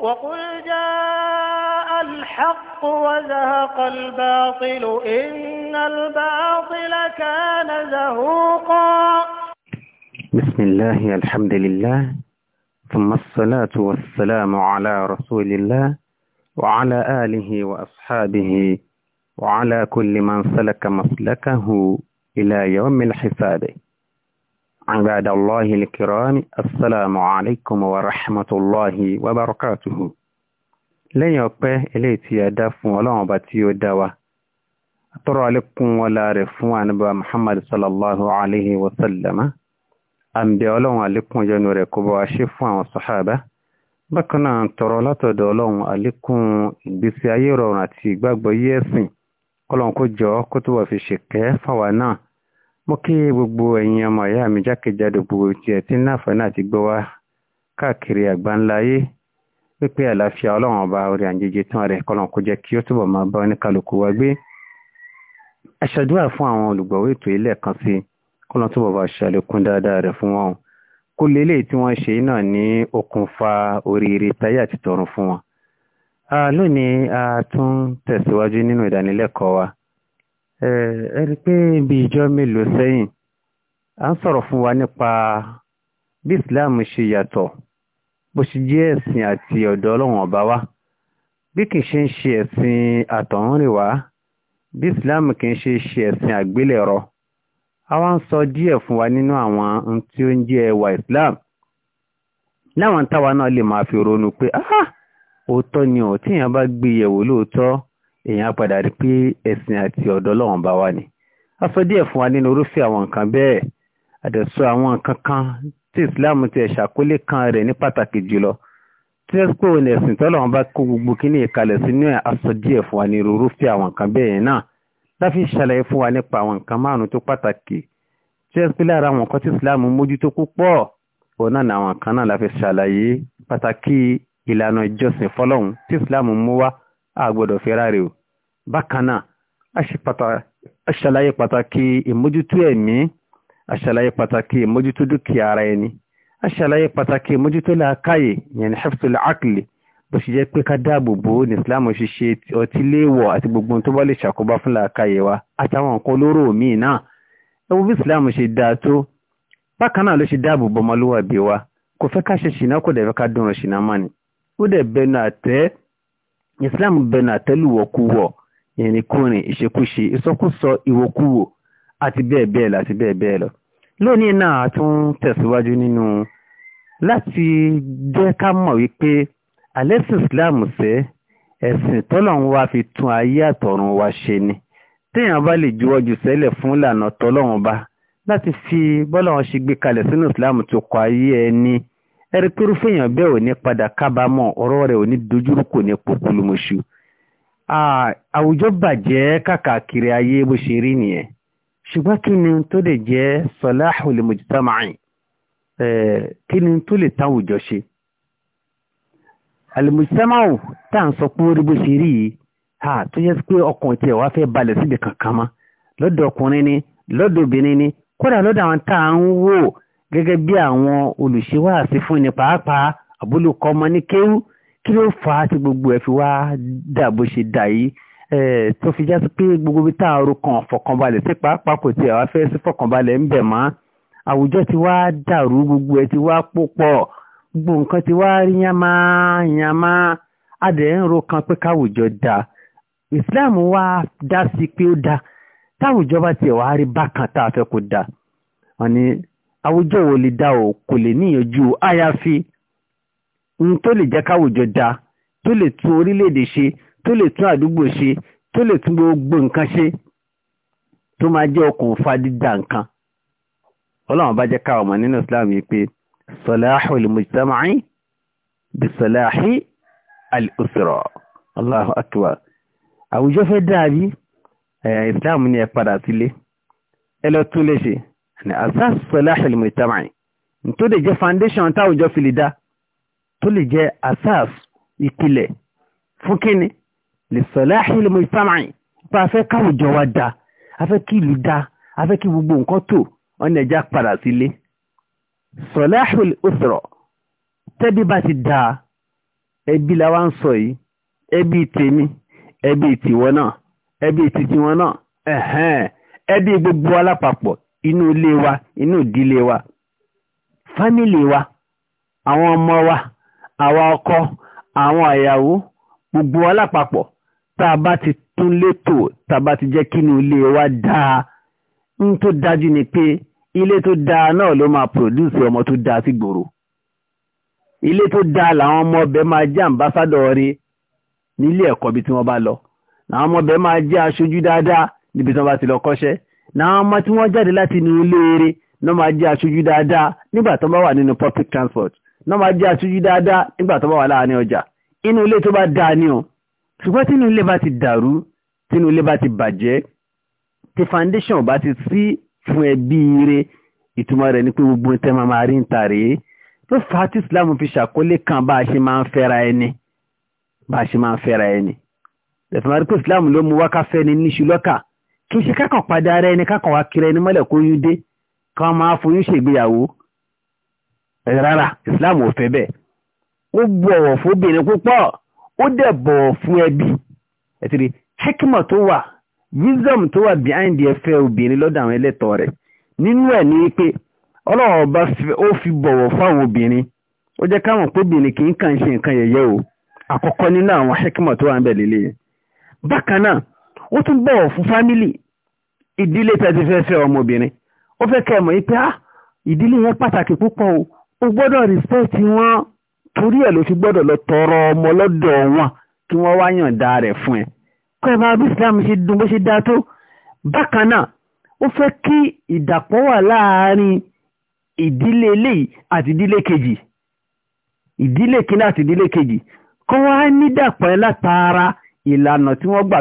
وقل جاء الحق وزهق الباطل إن الباطل كان زهوقا بسم الله الحمد لله ثم الصلاة والسلام على رسول الله وعلى آله وأصحابه وعلى كل من سلك مسلكه إلى يوم الحساب عباد الله الكرام السلام عليكم ورحمة الله وبركاته lẹ́yìn ọpẹ́ eléyìí tí a dá fún ọlọ́run ọba tí ó dá wa àtọ́rọ̀ alẹ́kùn ọlá rẹ̀ fún ànábà muhammad sallallahu alaihi wasallama àǹbẹ ọlọ́run alẹ́kùn yẹnu rẹ̀ kó bá wa ṣe fún àwọn sàhábà bákan náà tọrọ látọ̀dọ̀ ọlọ́run alẹ́kùn ìgbésí ayé rọrùn àti ìgbàgbọ́ yẹ́sìn kọlọ́run kó jọ kó tó wà fi ṣèkẹ́ fáwa náà mo kí gbogbo ẹ̀yin ọmọ ìyá mi jákèjádò gbogbo tí ẹ ti ń láǹfààní àti gbọ́ wá káàkiri àgbáńláyé wípé àlàáfíà ọlọ́run ọba orí àjèjì tán rẹ̀ kọ́lọ́n kó jẹ́ kí ó túbọ̀ máa bá oníkàlùkù wa gbé aṣàdúrà fún àwọn olùgbọ̀wé ètò ilé kan sí kọ́lọ́n túbọ̀ bá ṣàlékún dáadáa rẹ̀ fún wọn kó lélé tí wọ́n ṣe náà ní okùnfà oríire táyà ti tọrùn fún wọn lónìí a tún tẹ̀síwájú nínú ìdánilẹ́kọ̀ọ́ wa ẹ̀rí pé bí ìjọ mélòó sẹ́yìn a ń sọ̀rọ̀ fún wa nípa bí Islam ṣe yàtọ̀ bó ṣe jẹ́ ẹ̀sìn àti ọ̀dọ̀ ọlọ́run ọba wa bí kì í ṣe ń ṣe ẹ̀sìn àtọ̀húnrìnwá bí Islam kì í ṣe ṣe ẹ̀sìn àgbélẹ̀rọ a wá ń sọ díẹ̀ fún wa nínú àwọn ohun tí ó ń jẹ́ ẹwà Islam láwọn táwa náà lè máa fi ronú pé ah òótọ́ ni ò tíyàn bá gbé yẹ̀wò lóòótọ́ èèyàn padà rí pé ẹ̀sìn àti ọ̀dọ̀ Ọlọ́run bá wà ní. a sọ díẹ̀ fún wa nínú irúfẹ́ àwọn nǹkan bẹ́ẹ̀ àdẹ̀sọ àwọn nǹkan kan tí Islam ti ṣàkólé kan rẹ̀ ní pàtàkì jùlọ tí ó pé òun ẹ̀sìn tọ́lọ́run bá kó gbogbo kíní ìkalẹ̀ sínú ẹ̀ a sọ díẹ̀ fún wa nínú irúfẹ́ àwọn nǹkan bẹ́ẹ̀ náà láfi ṣàlàyé fún wa nípa àwọn nǹkan márùn-ún tó pàtàkì tí ó pé lára àwọn nǹkan tí Islam mójútó púpọ̀ òun náà àwọn kan náà láfi ṣàlàyé pàtàkì ìlànà ìjọsìn fọlọ́run tí Islam mú wá àgbọ̀dọ̀ fẹ́ra rẹ̀ o bákan náà aṣàlàyé pàtàkì ìmójútó ẹ̀mí aṣàlàyé pàtàkì ìmójútó dúkìá ara ẹni aṣàlàyé pàtàkì ìmójútó làákàyè yẹn hafsul akli bó ṣe jẹ́ pé ká dáàbò bò ní ìsìláàmù ṣíṣe ọtí léèwọ̀ àti gbogbo tó bá lè ṣàkóbá fún làákàyè wa àtàwọn nǹkan olóró míì náà ẹ bí ìsìláàmù ṣe dáa tó bákan ló ṣe dáàbò bò ọmọlúwàbí wa kò fẹ́ ká ṣe ṣìnà kò dẹ̀ fẹ́ ká dùnrùn ṣìnà mọ́ni ó dẹ̀ bẹnu àtẹ́ islam bẹ̀rẹ̀ àtẹ́lùwọ̀kúwọ̀ ìrìnkúrìn ìṣekúṣe ìsọkúsọ ìwòkúwò àti bẹ́ẹ̀ bẹ́ẹ̀ lọ àti bẹ́ẹ̀ bẹ́ẹ̀ lọ lónìí náà a tún tẹ̀síwájú nínú láti jẹ́ ká mọ̀ wípé alẹ́sì islam ṣe ẹ̀sìn tọ́lọ́run wa fi tún ayé àtọ̀run wa ṣe ni téèyàn bá lè juwọ́ jù sẹ́lẹ̀ fún ìlànà tọ́lọ́run ba láti fi bọ́lọ́run ṣe gbé kalẹ̀ sínú islam tó kọ ayé ẹni ẹ̀rí pé irúfẹ́ èèyàn bẹ́ẹ̀ ò ní padà kábàámọ̀ ọ̀rọ̀ rẹ̀ ò ní dojúrú kò ní pòkúlùmọ̀ṣù àwùjọ bàjẹ́ káàkiri ayé bó ṣe rí nìyẹn ṣùgbọ́n kí ni tó lè jẹ́ salahul mujtama'i kí ni tó lè táwùjọ ṣe al tá à ń sọ pé ó rí bó ṣe rí yìí tó yẹ pé ọkùnrin tiẹ̀ wá fẹ́ balẹ̀ síbi kankan mọ́ lọ́dọ̀ ọkùnrin ni lọ́dọ̀ gẹ́gẹ́ bí àwọn olùṣèwàásí fún ni pàápàá àbúlùkọ́ ọmọ ní kéwú kí ló fà á tí gbogbo ẹ̀ fi wá dà bó ṣe dà yìí tó fi já sí pé gbogbo bí táàrò kan fọ̀kànbalẹ̀ sí pàápàá kò tiẹ̀ wá fẹ́ sí fọ̀kànbalẹ̀ ń bẹ̀ mọ́ àwùjọ ti wá dàrú gbogbo ẹ̀ ti wá pọ̀ gbogbo nǹkan ti wá rí yánmá yánmá adẹ̀ ń ro kan pé káwùjọ da Islam wá dá sí pé ó da táwùjọ bá tiẹ̀ wá rí bákan tá a fẹ́ kó da wọn ni àwùjọ wo lè dá o kò lè níyànjú àyàfi n tó lè jẹ́ káwùjọ dá tó lè tún orílẹ̀-èdè ṣe tó lè tún àdúgbò ṣe tó lè tún gbogbo nǹkan ṣe tó máa jẹ́ okùnfà dídá nǹkan ọlọ́run bá jẹ́ káwọn ọmọ nínú islam yìí pé salahul mujtama'i bí salahi al-usra allahu àwùjọ fẹ́ dáa bí islam ni ẹ padà sílé ẹ lọ tún lè ṣe ní asas salahil mujtama'i tó lè jẹ́ foundation táwùjọ fi lè dá tó lè jẹ́ asas ìpìlẹ̀ fún kíni lè salahil mujtama'i pa afẹ́ káwùjọ wa dá afẹ́ kí ìlú dá afẹ́ kí gbogbo nǹkan tó ọ̀nà ẹja padà sílé salahil usra tẹ́bí bá ti dáa ẹbí la wá ń sọ yìí ẹbí tèmi ẹbí tìwọ náà ẹbí tìtiwọn náà ẹbí gbogbo alápapọ̀ inú ilé wa inú ìdílé wa fámìlì wa àwọn ọmọ wa àwa ọkọ àwọn àyàwó gbogbo wa lápapọ̀ tá a bá ti tún létò tá a bá ti jẹ́ kí inú ilé wa dáa ń tó dájú ni pé ilé tó dáa náà ló máa pòdúsì ọmọ tó dáa sí gbòòrò ilé tó dáa làwọn ọmọ ọbẹ̀ máa jẹ́ àǹbásádọ̀ rí nílé ẹ̀kọ́ bí tí wọ́n bá lọ làwọn ọmọ ọbẹ̀ máa jẹ́ aṣojú dáadáa níbi tí wọ́n bá ti lọ kọ́ṣẹ́ náà ọmọ tí wọ́n jáde láti inú ilé eré náà máa jẹ́ aṣojú dáadáa nígbà tó bá wà nínú public transport náà máa jẹ́ aṣojú dáadáa nígbà tó bá wà láàrin ọjà inú ilé tó bá dáa ni o ṣùgbọ́n tí inú ilé bá ti dàrú tí inú ilé bá ti bàjẹ́ tí foundation bá ti sí fún ẹbí ire ìtumọ̀ rẹ̀ ni pé gbogbo tẹ́ máa máa rí ń ta rèé ló fà á tí Islam fi ṣàkólé kan bá a ṣe máa ń fẹ́ra ẹni bá a ṣe máa ń fẹ́ra ẹni ẹ̀fọn àríkò Islam ló mú wákàfẹ́ ni níṣu lọ́kà kì í ṣe kákan padà ara ẹni kákan wá kiri ẹni mọ́lẹ̀ kó yún dé kí wọ́n máa foyún ṣègbéyàwó rárá islam ò fẹ́ bẹ́ẹ̀ ó bọ̀wọ̀ fóbìnrin púpọ̀ ó dẹ̀ bọ̀wọ̀ fún ẹbí ẹ̀tìrì hekima tó wà wisdom tó wà behind obìnrin lọ́dọ̀ àwọn rẹ̀ nínú ẹ̀ ní pé ó fi bọ̀wọ̀ fún àwọn obìnrin ó jẹ́ káwọn kì í kàn ṣe o àkọ́kọ́ nínú àwọn hekima tó wà ń bẹ̀ ó tún bọ̀wọ̀ fún fámílì ìdílé tẹ́tí fẹ́ fẹ́ ọmọbìnrin ó fẹ́ kẹmọ̀ yí pé á ah, ìdílé yẹn pàtàkì púpọ̀ o ó gbọ́dọ̀ rìspẹ́ẹ̀tì wọn torí ẹ̀ ló fi gbọ́dọ̀ lọ tọrọ ọmọ lọ́dọ̀ wọn kí wọ́n wá yànda rẹ̀ fún ẹ kọ́ ẹ máa bí Islam ṣe dùn bó ṣe dá tó bákan náà ó fẹ́ kí ìdàpọ̀ wà láàárín ìdílé eléyìí àti ìdílé kejì ìdílé kíní àti ìdílé kejì kó wá nídàpọ̀ ẹ látara ìlànà tí wọ́n gbà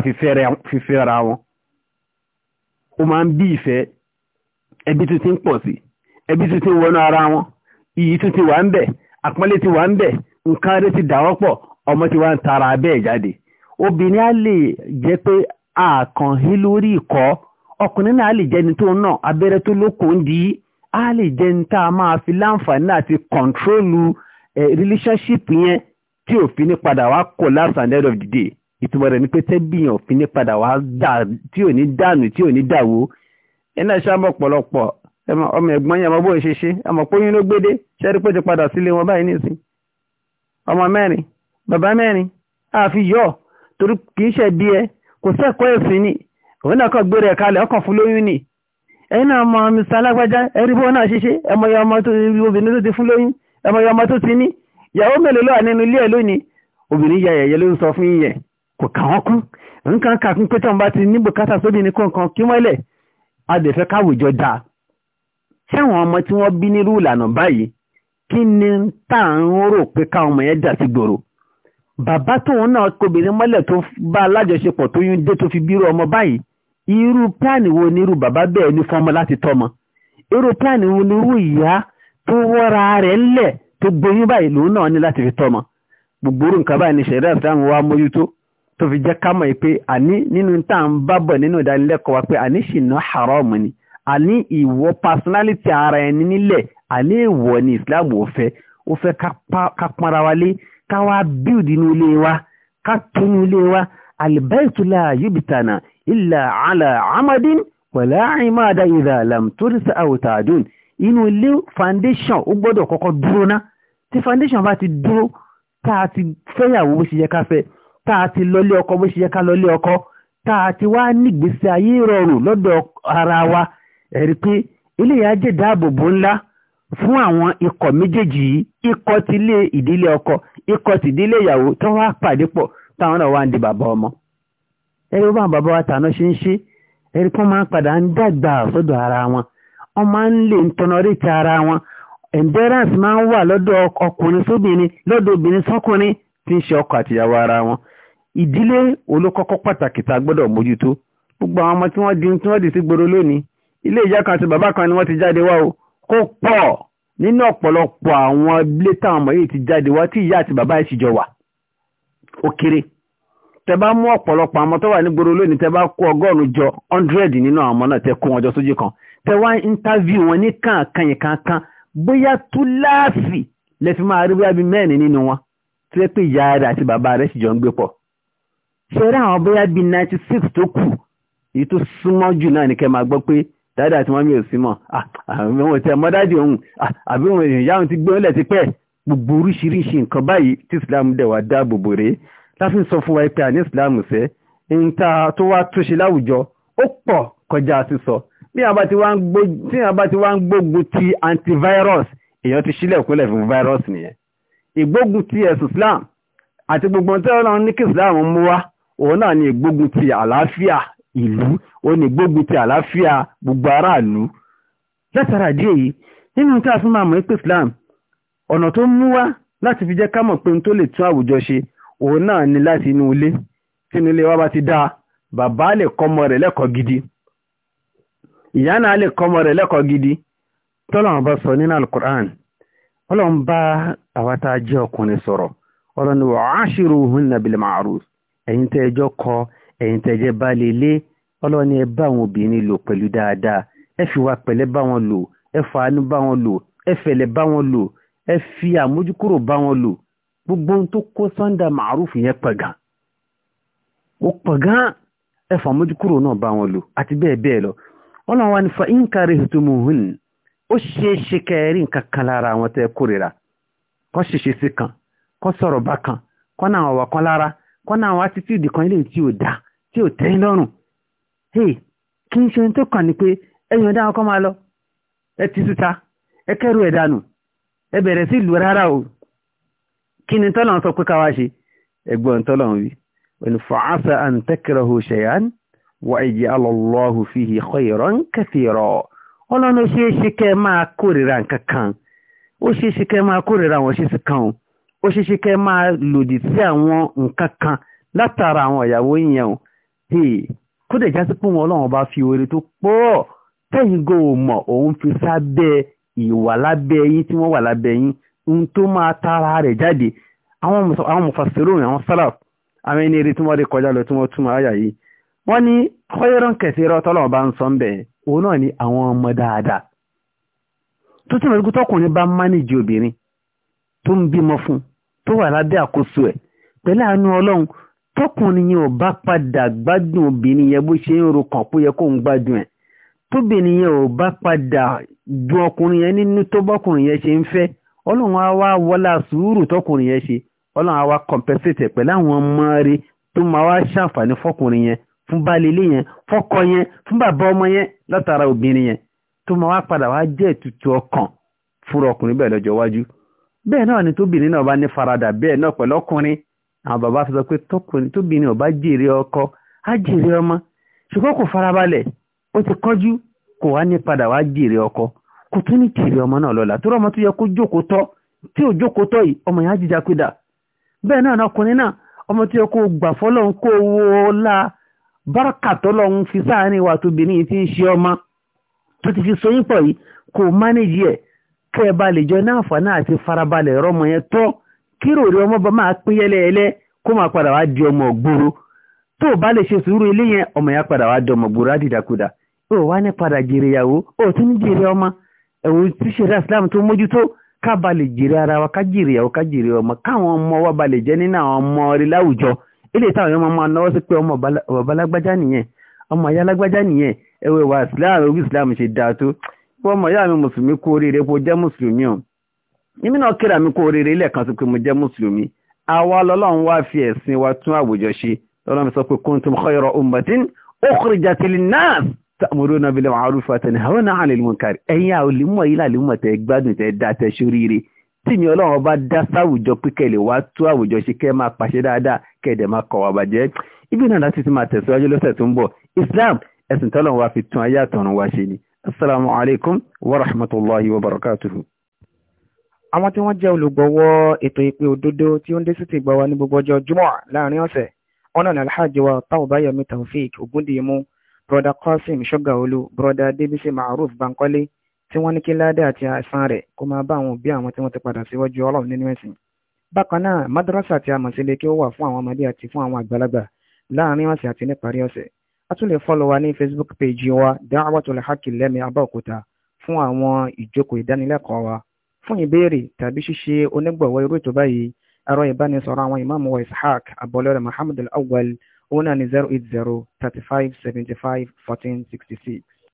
fífẹ́ ra wọn o máa ń bí ìfẹ́ ẹbí tó pọ̀ sí ẹbí ara wọn iyì ti wà ń bẹ̀ àpọ́nlé ti wà ń bẹ̀ nǹkan ti dàwọ́ ọmọ ti ń tara bẹ́ẹ̀ jáde obìnrin á lè jẹ́ pé àkàn hí lórí ìkọ́ ọkùnrin náà lè jẹ́ni tó a máa fi láǹfààní àti eh, yẹn tí òfin ní padà wá ìtumọ̀ rẹ̀ ni pé tẹ́bíyàn òfin ní padà wá dà tí ò ní dànù tí ò ní dàwó ẹ̀nà ìṣàmọ̀ pọ̀lọpọ̀ ọmọ ẹ̀gbọ́n yẹn ọmọ ṣe ṣe ọmọ pọ́yún ló gbédé ṣẹ́rí pé ti padà sílé wọn báyìí nìsín ọmọ mẹ́rin bàbá mẹ́rin àfi yọ torí kì í ṣe bí ẹ kò ẹ̀sìn ni òun náà kàn gbére ẹ̀ kalẹ̀ ọkàn fún lóyún ni ẹ̀yin náà mọ mr alágbájá náà tó ti fún lóyún ọmọ tó ti ní ìyàwó mélòó kò kà wọ́n kún nǹkan kàkún pé tí wọ́n bá ti ní bùkátà sóbì ní kọ̀ọ̀kan kí wọ́n lẹ̀ adẹ̀fẹ́ káwùjọ dáa ṣé ọmọ tí wọ́n bí nírú ìlànà báyìí kí ni tá à ń rò pé káwọn ọmọ yẹn dà sí gbòòrò bàbá tóun náà kobìnrin mọ́lẹ̀ tó bá alájọṣepọ̀ tó yún dé tó fi bírú ọmọ báyìí irú pílánì wo ni irú bàbá bẹ́ẹ̀ ní fọmọ láti tọmọ irú pílánì wo ni irú ìyá tó wọ́ra rẹ̀ ńlẹ̀ tó gboyún báyìí lòun náà ní láti fi tọmọ gbogbo orú báyìí ni ṣẹ̀dá ìfẹ́ àwọn wa mójútó tó fi jẹ́ ká mọ̀ pé àní nínú tá à ń bábọ̀ nínú ìdánilẹ́kọ̀ọ́ wa pé àní ṣìnà haram ni àní ìwọ personality ara ẹni nílẹ̀ àní ìwọ ni Islam ò fẹ́ ó fẹ́ ká pọ́nra wa lé ká wá build inú ilé wa ká tún inú ilé wa albaitu la yubitana illa ala amadin wala imada idha lam turisa aw ta'dun inú ilé foundation ó gbọ́dọ̀ kọ́kọ́ dúró ná tí foundation bá ti dúró tá a ti fẹ́yàwó bó ṣe yẹ ká fẹ́ tá a ti lọlé ọkọ bó ṣe yẹ ká lọlé ọkọ tá ti wá nígbésí ayé rọrùn lọ́dọ̀ ara wa ẹ̀rí pé eléyà jẹ́ dáàbòbò ńlá fún àwọn ikọ̀ méjèèjì yìí ọkọ ikọ̀ tìdílé ìyàwó tó wá pàdé pọ̀ táwọn náà wá ọmọ ẹ̀rí bá bàbá wa tàná ṣe ń ṣe ẹ̀rí pé wọ́n máa ń padà ń dàgbà sọ́dọ̀ ara wọn wọ́n máa ń lè ń ara wọn ọkọ àtìyàwó ara ìdílé olókọ́kọ́ pàtàkì tá a gbọ́dọ̀ mójútó gbogbo àwọn ọmọ tí wọ́n di tí wọ́n di sí gbòòrò lónìí ilé ìyá kan àti bàbá kan ni wọ́n ti jáde wá o kó pọ̀ nínú ọ̀pọ̀lọpọ̀ àwọn ilé táwọn ọmọ yìí ti jáde wá tí ìyá àti bàbá yìí sì jọ wà ó kéré tẹ bá mú ọ̀pọ̀lọpọ̀ àwọn tó wà ní gbòòrò lónìí tẹ bá kó ọgọ́rùn-ún jọ hundred nínú àwọn ọmọ náà tẹ kó wọn jọ sójú kan tẹ wá interview wọn ní kàǹkan yìí kankan bóyá túláàsì lẹ fi máa rí bóyá bíi mẹ́rin nínú wọn tí wọ́n pè ìyá àti bàbá rẹ̀ sì jọ ń gbé pọ̀ ṣẹ́rẹ́ àwọn bóyá bíi ninety six tó kù èyí tó súnmọ́ jù náà ní kẹ́ máa gbọ́ pé dáadáa tí wọ́n mi ò sí mọ̀ ah, àwọn ohun tí mọ́dádì òun ah, àbí òun èèyàn ìyá òun ti gbé ọ́lẹ̀ ti pẹ́ gbogbo oríṣiríṣi nǹkan báyìí tí Islam dẹ̀ wá dáàbò bò rèé láfi sọ fún wa pé àní Islam sẹ́ ń ta tó wá túnṣe láwùjọ ó pọ̀ kọjá sísọ bí a bá ti wá ń gbógun ti antivirus èèyàn ti ṣílẹ̀kúnlẹ̀ fún virus nìyẹn ìgbógun ti ẹ̀sùn Islam àti gbogbo ohun tí ní kí Islam mú wá òun náà ni ìgbógun ti àlàáfíà ìlú ó ní ìgbógun ti àlàáfíà gbogbo aráàlú látara díẹ̀ yìí nínú tá a fún máa mọ̀ pé Islam ọ̀nà tó mú wá láti fi jẹ́ ká mọ̀ pé n tó lè tún àwùjọ ṣe òun náà ni láti inú ilé tínú ilé wa bá ti dáa bàbá lè kọ́mọ rẹ̀ lẹ́kọ̀ọ́ gidi ìyá náà lè kọ́mọ rẹ̀ lẹ́kọ̀ọ́ gidi tọ́lọ́run bá sọ nínú alukur'an ọlọ́run bá àwa tá a jẹ́ ọkùnrin sọ̀rọ̀ ọlọ́run wà á ṣírò òhun nàbìlì màrúf ẹ̀yin tẹ́ ẹjọ́ kọ ẹ̀yin tẹ́ ẹjẹ́ bá lè lé ọlọ́ni ẹ bá àwọn obìnrin lò pẹ̀lú dáadáa ẹ fi wà pẹ̀lẹ́ bá wọn lò ẹ fàánú bá wọn lò ẹ fẹ̀lẹ́ bá wọn lò ẹ fi àmójúkúrò bá wọn lò gbogbo ohun tó kó sọ́ńdà màrúf yẹn pẹ̀gàn ó pẹ̀gàn ẹ fàmójúkúrò náà bá wọn lò àti bẹ́ẹ̀ bẹ́ẹ̀ lọ ọlọ́run wa ní fa ínkàrí ìtòmùhún ó ṣe ṣe kẹrin nǹkan lára àwọn tẹ́ kórìíra kọ́ ṣèṣe sí kan kọ́ sọ̀rọ̀ bá kan kọ́ náà wà kan lára kọ́nà àwọn attitude kan ilé tí ò dá tí ò tẹ́yìn lọ́rùn hey kí n ṣe ohun tó kàn ní pé ẹ̀yìn ọ̀dá ọkọ̀ máa lọ ẹ ti síta ẹ kẹ́rù ẹ̀ dànù ẹ bẹ̀rẹ̀ sí ìlú rárá o kí ni tọ́lọ̀ sọ pé káwá ṣe ẹgbọ́n tọ́lọ̀ wí wal fa'asa an takrahu shay'an wa yaj'ala Allahu fihi khayran kathira ọlọ́run ó ṣeé ṣe kẹ́ máa kórìíra nǹkan kan ó ṣeé ṣe kẹ́ máa kórìíra àwọn ṣe sí kan o ó ṣeéṣe kẹ́ máa lòdì sí àwọn nǹkan kan látara àwọn ìyàwó yẹn o kó dẹ̀ já sí pé wọn ọlọ́run bá fi oore tó pọ̀ tẹ́yìn go mọ̀ òun fi sábẹ́ ìwà lábẹ́ yín tí wọ́n wà lábẹ́ yín ohun tó máa tara rẹ̀ jáde àwọn mufasirun àwọn salaf àwọn ẹni eré tí wọ́n rí kọjá lọ tí wọ́n túmọ̀ ayà yìí wọ́n ní khayran kathira tọ́lọ́run bá ń sọ ń òun náà ní àwọn ọmọ dáadáa tó túnmọ̀ sí tọkùnrin bá mánéjì obìnrin tó ń bímọ fún tó wà lábẹ́ àkóso ẹ̀ pẹ̀lú àánú ọlọ́run tọkùnrin yẹn ò bá padà gbádùn obìnrin yẹn bó ṣe ń ro kàn pó yẹ kó ń gbádùn ẹ̀ tóbìnrin yẹn ò bá padà dùn ọkùnrin yẹn nínú tó bọ́kùnrin yẹn ṣe ń fẹ́ ọlọ́run á wá wọlá sùúrù tọkùnrin yẹn ṣe ọlọ́run á wá compensate ẹ̀ pẹ̀lú àwọn ọmọ rẹ tó máa wá ṣàǹfààní fọkùnrin yẹn fún balẹ̀lé yẹn fọ́kọ yẹn fún bàbá ọmọ yẹn látara obìnrin yẹn tó máa wá padà wá jẹ́ ètùtù ọkàn fúnra ọkùnrin bẹ́ẹ̀ lọ́jọ́ iwájú bẹ́ẹ̀ náà ni tóbìnrin náà bá ní farada bẹ́ẹ̀ náà pẹ̀lú ọkùnrin àwọn bàbá fi sọ pé tọkùnrin tóbìnrin ọba jèrè ọkọ á jèrè ọmọ ṣùgbọ́n kò farabalẹ̀ ó ti kọjú kò wá ní padà wá jèrè ọkọ kò tún ní jèrè ọmọ náà lọ́la tó rọmọ tó yẹ kó jókòó tọ́ tí ò jókòó tọ́ yìí ọmọ yẹn á jìjà kúdà bẹ́ẹ̀ náà ọkùnrin náà ọmọ tó yẹ kó gbà fọ́lọ́run kó wo wa tóbìnrin tí ń ṣe ọmọ tó ti fi kẹ́ ẹ bá lè jọ ní àǹfààní àti farabalẹ̀ rọmọ yẹn tọ́ kí ròrí ọmọ bá máa pín yẹ́lẹ́yẹ́lẹ́ kó máa padà wá di ọmọ ògbóró tó bá lè ṣe sùúrù ilé yẹn ọmọ yẹn padà wá di ọmọ ògbóró ádìdàkudà ó wá ní padà jèrè ìyàwó ó tún ní jèrè ọmọ ẹ̀wọ̀n tí ṣe islam tó mójútó ká ba lè jèrè ara wa ká jèrè ìyàwó ká jèrè ọmọ káwọn ọmọ wa ba jẹ́ nínú àwọn ọmọ rí islam orí islam ṣe dáa wọ́n mọ̀ yá mi mùsùlùmí kú oríire kó jẹ́ mùsùlùmí o èmi náà kíra mi kú oríire ilẹ̀ kan sí pé mo jẹ́ mùsùlùmí àwa lọ́lọ́run wá fi ẹ̀sìn wa tún àwùjọ ṣe lọ́lọ́run sọ pé kuntum khayra ummatin ukhrijat linnas ta'muruna bil ma'ruf wa tanhawna 'anil munkar ẹ̀yin àwọn olùmọ̀ yìí láàlú tẹ́ gbádùn tẹ́ dá tẹ́ ṣoríire tí mi ọlọ́run bá dá sáwùjọ pé lè wá tú àwùjọ ṣe kẹ́ máa pàṣẹ dáadáa kẹ́ máa kọ̀ wá bàjẹ́ ibi náà láti ti máa tẹ̀síwájú lọ́sẹ̀ tó ń bọ̀ Islam ẹ̀sìn tọ́lọ́run wa fi tún ayé àtọ̀run wa ṣe ni السلام عليكم ورحمة الله وبركاته. barakatuhu. Àwọn tí wọ́n jẹ́ olùgbọ̀wọ́ ètò ìpè òdodo tí ó ń dé sí ti gbà wá ní gbogbo ọjọ́ Júmọ̀ láàrin ọ̀sẹ̀. Ọ̀nà ní Alhaji wa Tawbayami Taufik Ogundiyimu, Broda Qasim Ṣọ́gàolú, Broda Debisi Ma'ruf Bankole, tí wọ́n ní kí ládé àti àìsàn rẹ̀ kó máa bá àwọn òbí àwọn tí wọ́n ti padà síwájú Ọlọ́run nínú ẹ̀sìn a tún lè fọ́lọ̀ wa ní facebook page wa Da'watul Haqq lẹ́mí abẹ́òkúta fún àwọn ìjókòó ìdánilẹ́kọ̀ọ́ wa fún ìbéèrè tàbí ṣíṣe onígbọ̀wọ́ irú ètò báyìí ẹ̀rọ ìbánisọ̀rọ̀ àwọn ìmáàmù wa ishaq abọ́lẹ́rẹ̀ muhammed awwal òun zero eight zero thirty five seventy five fourteen sixty six.